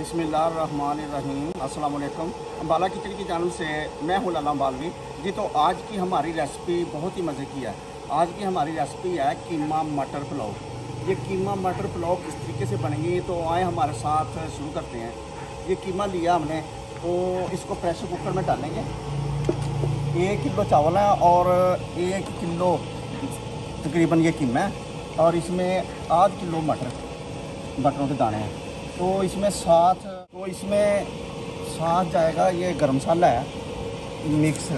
बिसमीम अल्लाम अम्बाला किचन की जानब से मैं हूँ लाला बालवी जी तो आज की हमारी रेसिपी बहुत ही मज़े की है आज की हमारी रेसिपी है कीमा मटर पुलाव ये कीमा मटर पुलाव किस तरीके से बनेगी तो आए हमारे साथ शुरू करते हैं ये कीमा लिया हमने तो इसको प्रेशर कुकर में डालेंगे एक किलो चावल है और एक किलो तकरीबन ये कीमा है और इसमें आध किलो मटर मटरों के दाने हैं तो इसमें साथ तो इसमें साथ जाएगा ये गर्म मसाला है मिक्स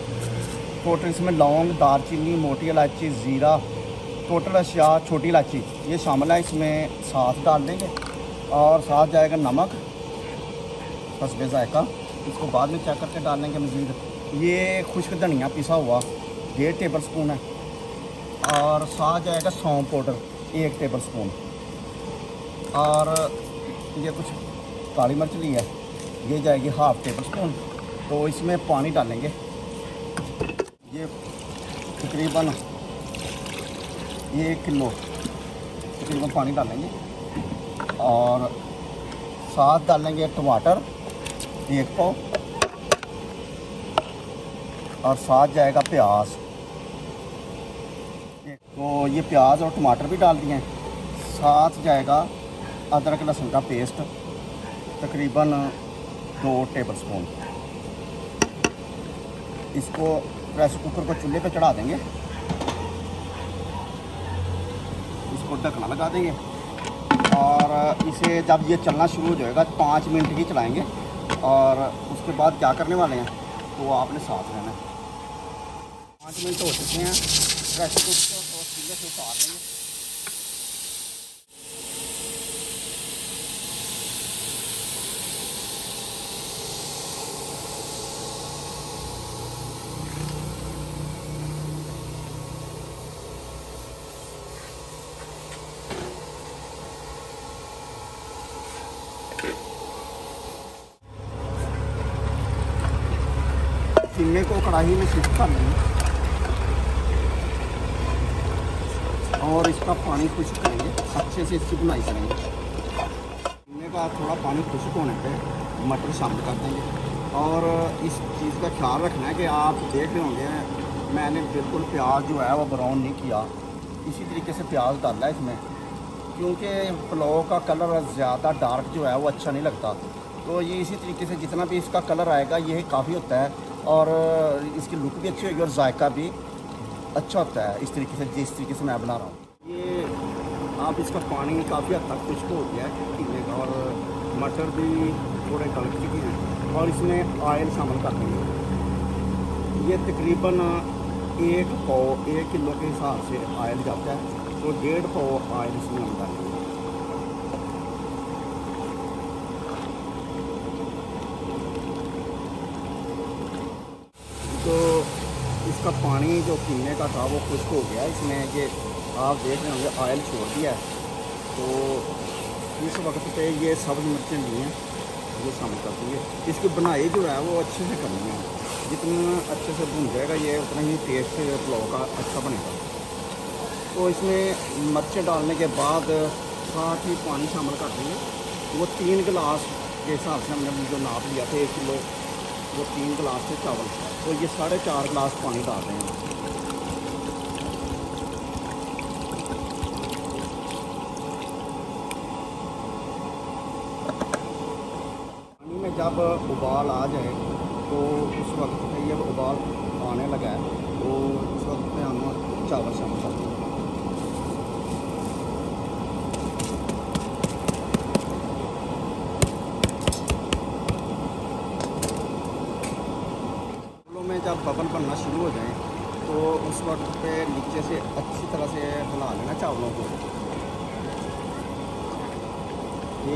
टोटल इसमें लौंग दालचीनी मोटी इलायची ज़ीरा टोटल अशिया छोटी इलायची ये शामिल है इसमें साथ डाल देंगे और साथ जाएगा नमक हसबे जायका इसको बाद में चेक करके डाल लेंगे मज़ीद ये खुश्क धनिया पिसा हुआ डेढ़ टेबल स्पून है और साथ जाएगा सौंफ पाउडर एक टेबल स्पून और ये कुछ काली मिर्च ली है ये जाएगी हाफ टेबल स्पून तो इसमें पानी डालेंगे ये तकरीबन ये एक किलो तकरीबन पानी डालेंगे और साथ डालेंगे टमाटर एक पाव और साथ जाएगा प्याज तो ये प्याज और टमाटर भी डाल दिए साथ जाएगा अदरक लहसुन का पेस्ट तकरीबन दो टेबल स्पून इसको प्रेस कुकर को चूल्हे पे चढ़ा देंगे इसको ढकना लगा देंगे और इसे जब ये चलना शुरू हो जाएगा पाँच मिनट ही चलाएंगे और उसके बाद क्या करने वाले हैं तो आपने साथ रहना है पाँच मिनट हो चुके हैं प्रेस कुकर को चूल्हे से उतार देंगे किन्ने को कढ़ाई में कर नहीं और इसका पानी खुश करेंगे अच्छे से इसकी बुनाई करेंगे किन्ने का थोड़ा पानी खुश्क होने पे मटर शामिल कर देंगे और इस चीज़ का ख्याल रखना है कि आप देख रहे होंगे मैंने बिल्कुल प्याज जो है वो ब्राउन नहीं किया इसी तरीके से प्याज डाला है इसमें क्योंकि पुलाव का कलर ज़्यादा डार्क जो है वो अच्छा नहीं लगता तो ये इसी तरीके से जितना भी इसका कलर आएगा ये काफ़ी होता है और इसकी लुक भी अच्छी होगी और जायका भी अच्छा होता है इस तरीके से जिस तरीके से मैं बना रहा हूँ ये आप इसका पानी काफ़ी हद तक खुश्क हो गया है और मटर भी थोड़े गल चुके हैं और इसमें ऑयल शामिल कर देंगे ये तकरीबन एक पाओ एक किलो के हिसाब से ऑयल जाता है तो डेढ़ पाओ ऑयल इसमें हम डालेंगे इसका पानी जो पीने का था वो खुश्क हो गया इसमें ये आप देख रहे होंगे ऑयल छोड़ दिया है तो इस वक्त पे ये सब्ज़ मिर्चें नहीं हैं ये शामिल कर है इसकी बनाई जो है वो अच्छे से करनी है जितना अच्छे से भून जाएगा ये उतना ही टेस्ट पुलाव का अच्छा बनेगा तो इसमें मिर्चें डालने के बाद साथ ही पानी शामिल कर देंगे वो तीन गिलास के हिसाब से हमने जो नाप लिया था एक किलो वो तीन गिलास से चावल तो ये साढ़े चार गिलास पानी डाल रहे हैं पानी में जब उबाल आ जाए तो उस वक्त ये उबाल आने लगा है तो उस वक्त पे हम चावल शामिल करते हैं पवन बनना शुरू हो जाए तो उस वक्त पे नीचे से अच्छी तरह से हिला लेना चावलों को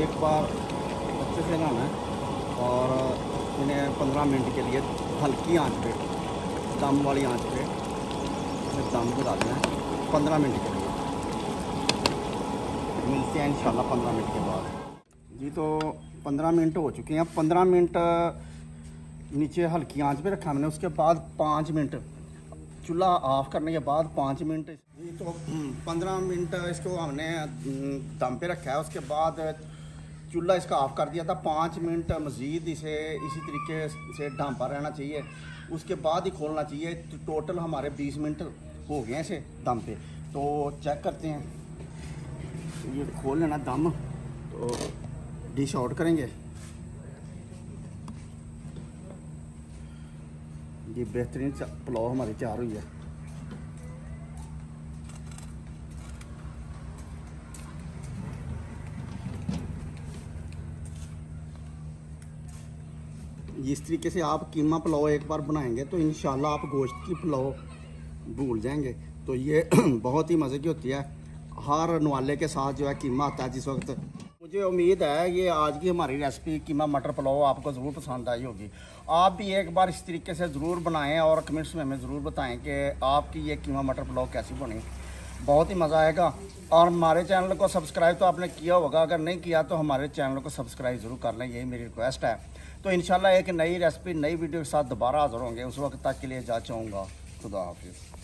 एक बार अच्छे से हिलाना है और इन्हें पंद्रह मिनट के लिए हल्की आंच पे दम वाली आंच पे दम को डालना है पंद्रह मिनट के लिए मिलते हैं इन पंद्रह मिनट के बाद जी तो पंद्रह मिनट हो चुके हैं पंद्रह मिनट नीचे हल्की आंच पे रखा मैंने उसके बाद पाँच मिनट चूल्हा ऑफ करने के बाद पाँच मिनट तो हम्म, पंद्रह मिनट इसको हमने हम्म, दम पे रखा है उसके बाद चूल्हा इसका ऑफ कर दिया था पाँच मिनट मज़ीद इसे इसी तरीके से ढांपा रहना चाहिए उसके बाद ही खोलना चाहिए तो टोटल हमारे बीस मिनट हो गए इसे दम पे तो चेक करते हैं ये खोल लेना दम तो डिश आउट करेंगे ये बेहतरीन पुलाव हमारी तैयार हुई है इस तरीके से आप कीमा पुलाव एक बार बनाएंगे तो इन आप गोश्त की पुलाव भूल जाएंगे तो ये बहुत ही मज़े की होती है हर नवाले के साथ जो है कीमा आता है जिस वक्त मुझे उम्मीद है ये आज की हमारी रेसिपी कीमा मटर पुलाव आपको ज़रूर पसंद आई होगी आप भी एक बार इस तरीके से ज़रूर बनाएं और कमेंट्स में हमें ज़रूर बताएं कि आपकी ये कीमा मटर पुलाव कैसी बनी बहुत ही मज़ा आएगा और हमारे चैनल को सब्सक्राइब तो आपने किया होगा अगर नहीं किया तो हमारे चैनल को सब्सक्राइब ज़रूर कर लें यही मेरी रिक्वेस्ट है तो इन एक नई रेसिपी नई वीडियो के साथ दोबारा हाजिर होंगे उस वक्त तक के लिए जा चाहूँगा खुदा हाफिज़